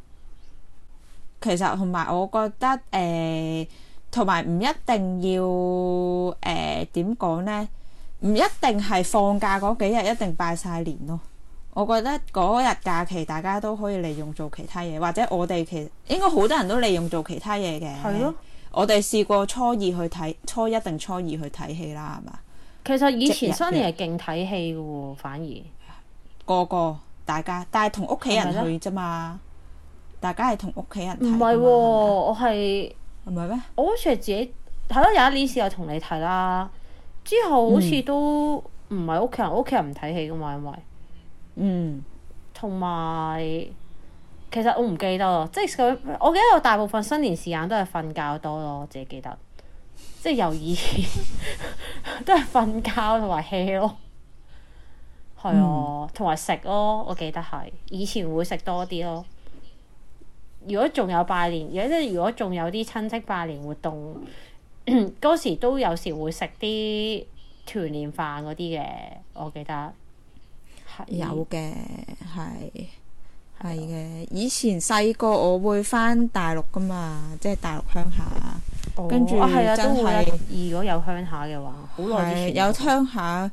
其實同埋我覺得，誒、呃，同埋唔一定要，誒、呃，點講呢？唔一定係放假嗰幾日一定拜晒年咯。我覺得嗰日假期大家都可以利用做其他嘢，或者我哋其實應該好多人都利用做其他嘢嘅。係咯，我哋試過初二去睇，初一定初二去睇戲啦，係嘛 <laughs> 吧？其實以前新年係勁睇戲噶喎，反而個個。大家，但係同屋企人去啫嘛。是是大家係同屋企人睇。唔係喎，我係唔係咩？是是我好似係自己，係咯、啊。有一年事又同你睇啦。之後好似都唔係屋企人，屋企人唔睇戲噶嘛，因為嗯，同埋其實我唔記得咯，即、就、係、是、我記得我大部分新年時間都係瞓覺多咯，我自己記得，即係由以前， <laughs> <laughs> 都係瞓覺同埋 hea 咯。係啊，同埋食咯，我記得係以前會食多啲咯。如果仲有拜年，如果即係如果仲有啲親戚拜年活動，嗰 <coughs> 時都有時會食啲團年飯嗰啲嘅，我記得。有嘅，係係嘅。的以前細個我會翻大陸噶嘛，即係大陸鄉下，哦、跟住著係啊真都會啊。如果有鄉下嘅話，好耐之前有鄉下。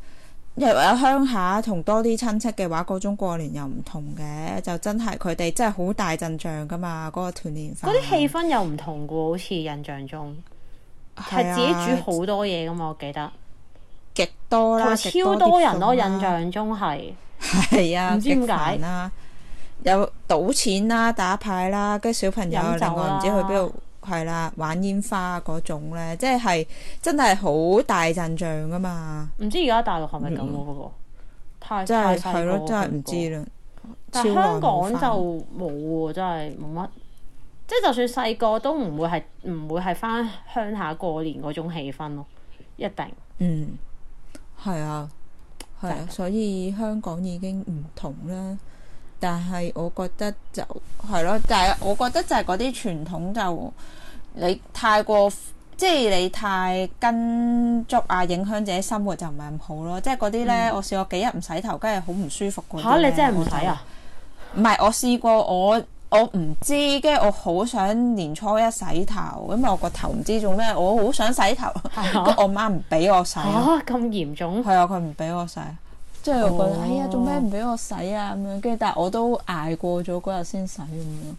入有鄉下同多啲親戚嘅話，嗰種過年又唔同嘅，就真係佢哋真係好大陣仗噶嘛。嗰、那個團年飯，嗰啲氣氛又唔同嘅，好似印象中係、啊、自己煮好多嘢噶嘛。我記得極多啦、啊，超多人咯。印象中係係啊，唔知點解有賭錢啦、啊、打牌啦、啊，跟小朋友、啊、另我唔知去邊度。係啦，玩煙花嗰種咧，即係真係好大陣仗噶嘛。唔知而家大陸係咪咁喎？嗰個、嗯、太細咯，真係唔知啦。但香港就冇喎，真係冇乜。即係就算細個都唔會係，唔會係返鄉下過年嗰種氣氛咯，一定。嗯，係啊，係啊，啊，所以香港已經唔同啦。但係，我覺得就係咯，但係我覺得就係嗰啲傳統就你太過，即係你太跟足啊，影響自己生活就唔係咁好咯。即係嗰啲咧，嗯、我試過幾日唔洗頭，梗係好唔舒服嘅。嚇、啊！你真係唔洗啊？唔係我，我試過，我我唔知，跟住我好想年初一洗頭，因為我個頭唔知做咩，我好想洗頭，啊、 <laughs> 不過我媽唔俾我、啊啊啊、我洗。嚇！咁嚴重？係啊，佢唔俾我洗。即係我覺得，哎呀，是是做咩唔俾我洗啊？咁樣，跟住，但係我都捱過咗嗰日先洗咁樣。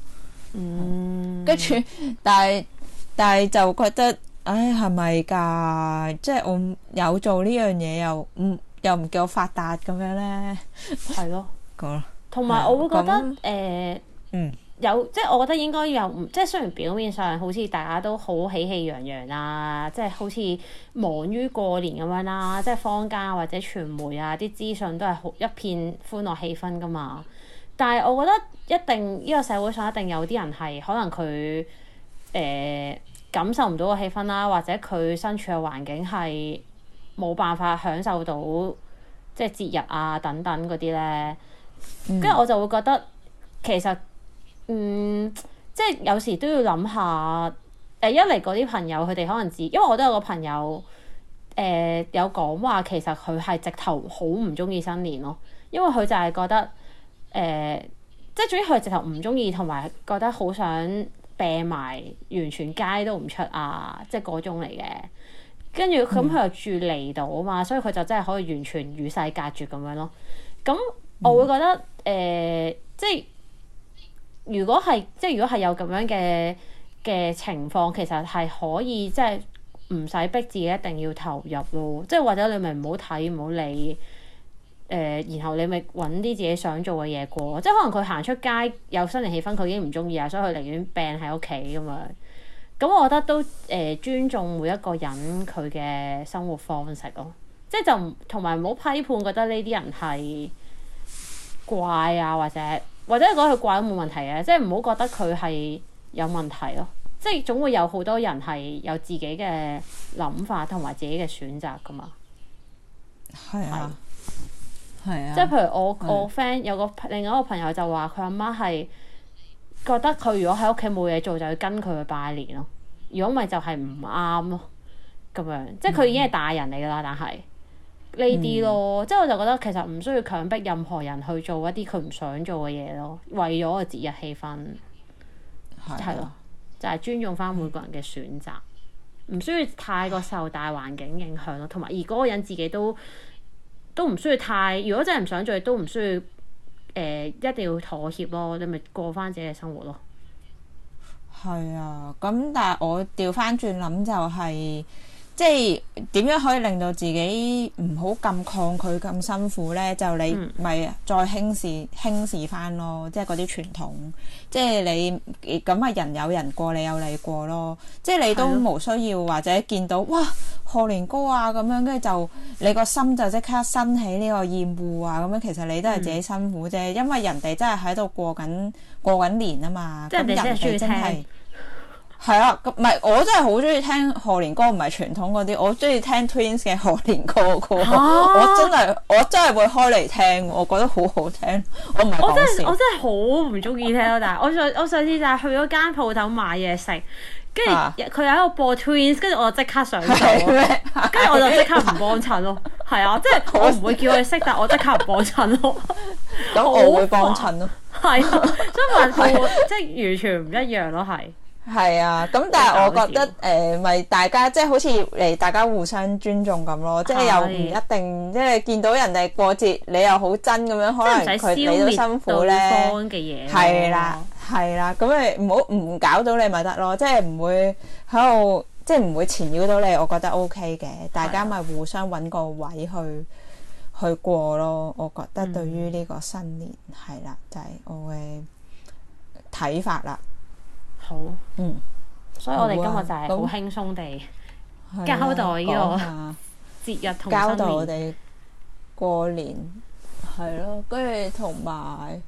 嗯，跟住，但係但係就覺得，唉，係咪㗎？即係我有做呢樣嘢，又唔又唔叫我發達咁樣咧？係咯。同埋我會覺得，誒。 <laughs> 嗯。有即係我覺得應該有即係，雖然表面上好似大家都好喜氣洋洋啊，即係好似忙於過年咁樣啦、啊，即係坊間或者傳媒啊啲資訊都係好一片歡樂氣氛噶嘛。但係我覺得一定呢、這個社會上一定有啲人係可能佢誒、呃、感受唔到個氣氛啦，或者佢身處嘅環境係冇辦法享受到即係節日啊等等嗰啲咧。跟住、嗯、我就會覺得其實。嗯，即係有時都要諗下，誒、呃、一嚟嗰啲朋友佢哋可能自，因為我都有個朋友，誒、呃、有講話其實佢係直頭好唔中意新年咯，因為佢就係覺得，誒、呃、即係總之佢直頭唔中意，同埋覺得好想病埋，完全街都唔出啊，即係嗰種嚟嘅。跟、嗯嗯、住咁佢又住離島啊嘛，所以佢就真係可以完全與世隔絕咁樣咯。咁我會覺得誒、呃，即係。如果係即係如果係有咁樣嘅嘅情況，其實係可以即係唔使逼自己一定要投入咯，即係或者你咪唔好睇唔好理，誒、呃，然後你咪揾啲自己想做嘅嘢過。即係可能佢行出街有新年氣氛，佢已經唔中意啊，所以佢寧願病喺屋企咁樣。咁我覺得都誒、呃、尊重每一個人佢嘅生活方式咯，即係就唔同埋唔好批判，覺得呢啲人係怪啊或者。或者你覺得佢怪都冇問題嘅，即係唔好覺得佢係有問題咯。即係總會有好多人係有自己嘅諗法同埋自己嘅選擇噶嘛。係啊的，係啊的。即係譬如我的我 friend 有個另一個朋友就話佢阿媽係覺得佢如果喺屋企冇嘢做就要跟佢去拜年咯，如果唔係就係唔啱咯。咁樣即係佢已經係大人嚟㗎啦，嗯、但係。呢啲咯，嗯、即係我就覺得其實唔需要強迫任何人去做一啲佢唔想做嘅嘢咯，為咗個節日氣氛，係、啊、咯，就係、是、尊重翻每個人嘅選擇，唔、嗯、需要太過受大環境影響咯，同埋而嗰個人自己都都唔需要太，如果真係唔想做，都唔需要誒、呃、一定要妥協咯，你咪過翻自己嘅生活咯。係啊，咁但係我調翻轉諗就係、是。即係點樣可以令到自己唔好咁抗拒咁辛苦咧？就你咪、嗯、再輕視輕視翻咯，即係嗰啲傳統。即係你咁啊，人有人過，你有你過咯。即係你都冇需要或者見到哇賀年歌啊咁樣，跟住就你個心就即刻生起呢個厭惡啊咁樣。其實你都係自己辛苦啫，嗯、因為人哋真係喺度過緊過緊年啊嘛。即係人哋真係。聽 係啊，唔係我真係好中意聽賀年歌，唔係傳統嗰啲，我中意聽 Twins 嘅賀年歌噶、啊。我真係我真係會開嚟聽，我覺得好好聽。我唔係講笑。我真係我真係好唔中意聽咯，但係我上我上次就係去咗間鋪頭買嘢食，跟住佢喺度播 Twins，跟住我就即刻上手，跟住我就即刻唔幫襯咯。係 <laughs> 啊，即係我唔會叫佢識，但我即刻唔幫襯咯。咁我會幫襯咯。係好 <laughs> 啊，所以話 <laughs> <laughs> 即係完全唔一樣咯，係。係啊，咁、嗯、但係我覺得誒，咪、呃就是、大家即係、就是、好似誒，大家互相尊重咁咯，即、就、係、是、又唔一定，哎、即係見到人哋過節，你又好真咁樣，可能佢你都辛苦咧，係啦，係啦、啊，咁咪唔好唔搞到你咪得咯，即係唔會喺度，即係唔會纏繞到你，我覺得 O K 嘅，啊、大家咪互相揾個位去去過咯，我覺得對於呢個新年係啦、嗯啊，就係、是、我嘅睇法啦。好嗯，所以我哋今日就係好輕鬆地交代呢個節日同、嗯嗯嗯、交代我哋過年係咯。跟住同埋，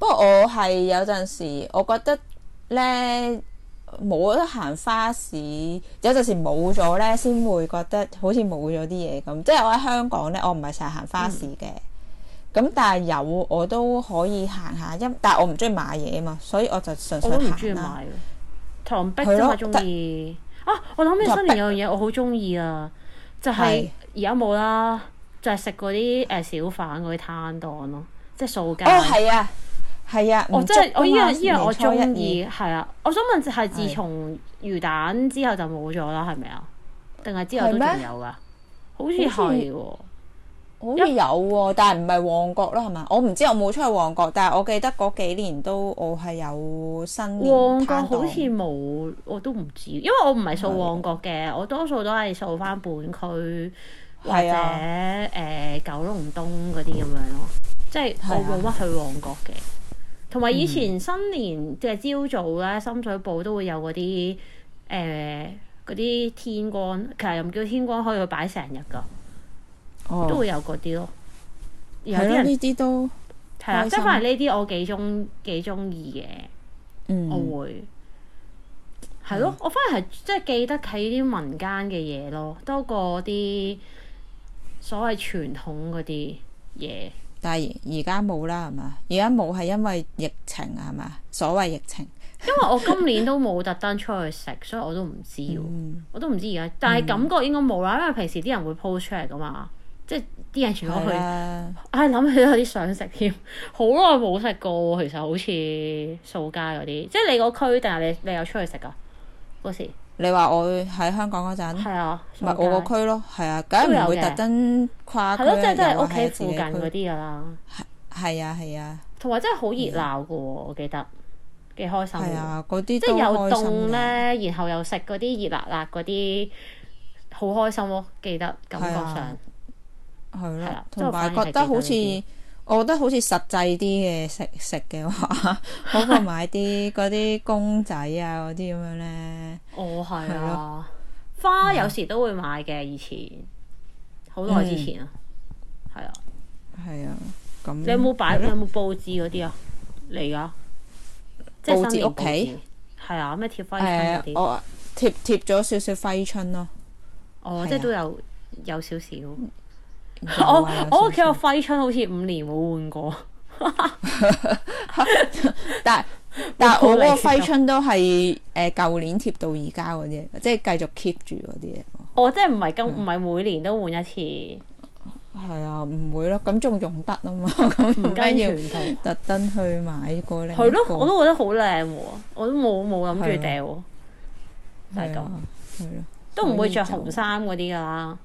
不過我係有陣時，我覺得咧冇得行花市，有陣時冇咗咧，先會覺得好似冇咗啲嘢咁。即係我喺香港咧，我唔係成日行花市嘅。嗯咁但係有，我都可以行下。因但係我唔中意買嘢啊嘛，所以我就純粹唔中意買嘅，唐璧真係中意。啊！我諗起新年有樣嘢我好中意啊，就係而家冇啦，就係食嗰啲誒小販嗰啲攤檔咯，即係掃街。哦，係啊，係啊。我真係我依樣依樣我中意，係啊。我想問，就係自從魚蛋之後就冇咗啦，係咪啊？定係之後都仲有㗎？好似係喎。好似有喎。哦，但係唔係旺角咯，係嘛？我唔知，我冇出去旺角，但係我記得嗰幾年都我係有新年。旺角好似冇，我都唔知，因為我唔係掃旺角嘅，的我多數都係掃翻本區或者誒的、呃、九龍東嗰啲咁樣咯,即係我冇乜去旺角嘅。同埋的以前新年即係朝早咧，深水埗都會有嗰啲誒嗰啲天光，其實又唔叫天光，可以去擺成日噶。哦、都會有嗰啲咯，有呢啲都係啦、啊。即係反而呢啲我幾中幾中意嘅，嗯、我會係咯。嗯、我反而係即係記得睇啲民間嘅嘢咯，多過啲所謂傳統嗰啲嘢。但係而家冇啦，係嘛？而家冇係因為疫情啊，係嘛？所謂疫情，因為我今年都冇特登出去食， <laughs> 所以我都唔知。嗯、我都唔知而家，但係感覺應該冇啦。因為平時啲人會 post 出嚟噶嘛。即係啲人全部去，我諗、啊、起都有啲想食添。好耐冇食過，其實好似掃街嗰啲，即係你個區定係你你有出去食噶嗰時？你話我喺香港嗰陣，係啊，唔係我個區咯，係啊，梗唔會特登跨區、啊，屋企、啊、附近嗰啲㗎啦。係係啊係啊，同埋、啊啊、真係好熱鬧㗎喎、啊！啊、我記得幾開心啊，啲即係又凍咧，然後又食嗰啲熱辣辣嗰啲，好開心咯！記得感覺上。係啦，同埋覺得好似，我覺得好似實際啲嘅食食嘅話，好過買啲嗰啲公仔啊嗰啲咁樣咧。哦，係啊，花有時都會買嘅，以前好耐之前啊，係啊，係啊。咁你有冇擺？有冇佈置嗰啲啊？嚟㗎！即係佈置屋企係啊？咩貼花？誒，我貼貼咗少少揮春咯。哦，即係都有有少少。我我屋企個揮春好似五年冇換過，但但我個揮春都係誒舊年貼到而家嗰啲，即係繼續 keep 住嗰啲嘢。哦，即係唔係咁，唔係每年都換一次。係啊，唔會咯，咁仲用得啊嘛，咁唔緊要，特登去買個靚。係咯，我都覺得好靚，我都冇冇諗住掉。係啊，係咯，都唔會着紅衫嗰啲噶啦。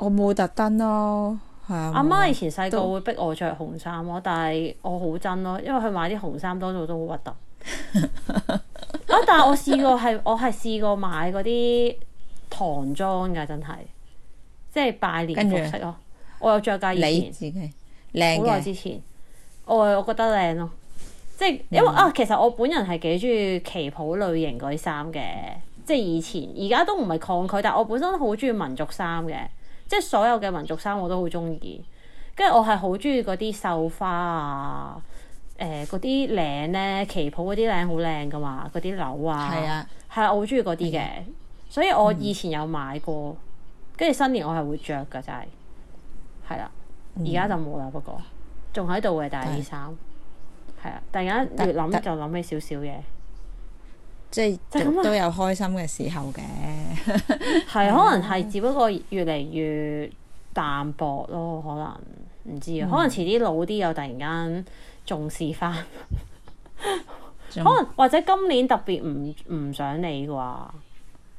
我冇特登咯，係啊。阿媽以前細個會逼我着紅衫咯，都但係我好憎咯，因為佢買啲紅衫多數都好核突。 <laughs> 啊！但係我試過係我係試過買嗰啲唐裝㗎，真係即係拜年著服飾咯。我有着㗎以前，靚嘅好耐之前，我、哎、我覺得靚咯，即係因為、嗯、啊，其實我本人係幾中意旗袍類型嗰啲衫嘅，即係以前而家都唔係抗拒，但係我本身好中意民族衫嘅。即係所有嘅民族衫我都好中意，跟住我係好中意嗰啲繡花啊，誒嗰啲領咧旗袍嗰啲領好靚噶嘛，嗰啲紐啊，係啊，係啊，我好中意嗰啲嘅，啊、所以我以前有買過，跟住、嗯、新年我係會着㗎，真係，係啦、啊，而家、嗯、就冇啦，不過仲喺度嘅但係啲衫，係對對啊，突然間越諗對就諗起少少嘅。即係、啊、都有開心嘅時候嘅，係 <laughs> 可能係只不過越嚟越淡薄咯，可能唔知啊，可能遲啲老啲又突然間重視翻， <laughs> 可能或者今年特別唔唔想你啩，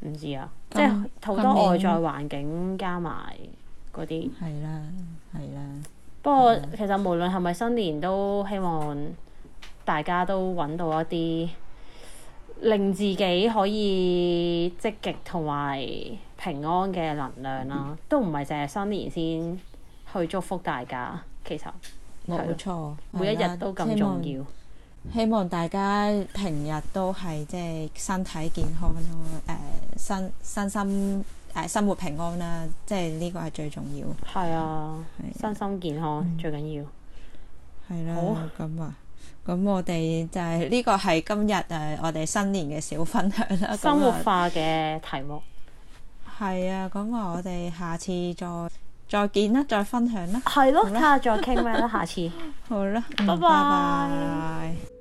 唔知啊，麼即係好多外在環境加埋嗰啲，係啦係啦。不過的其實無論係咪新年都希望大家都揾到一啲，令自己可以積極同埋平安嘅能量啦，嗯、都唔係淨係新年先去祝福大家，其實冇錯，每一日都咁重要。希、希望大家平日都係即係身體健康咯，誒、嗯呃、身身心誒、呃、生活平安啦，即係呢個係最重要。係啊，是身心健康、嗯、最緊要。係啦了，好，咁啊。咁我哋就係呢個係今日誒，我哋新年嘅小分享啦。生活化嘅題目係啊，咁我哋下次再再見啦，再分享啦。係咯的，睇下吧再傾咩啦， <laughs> 下次好啦吧，bye bye 拜拜。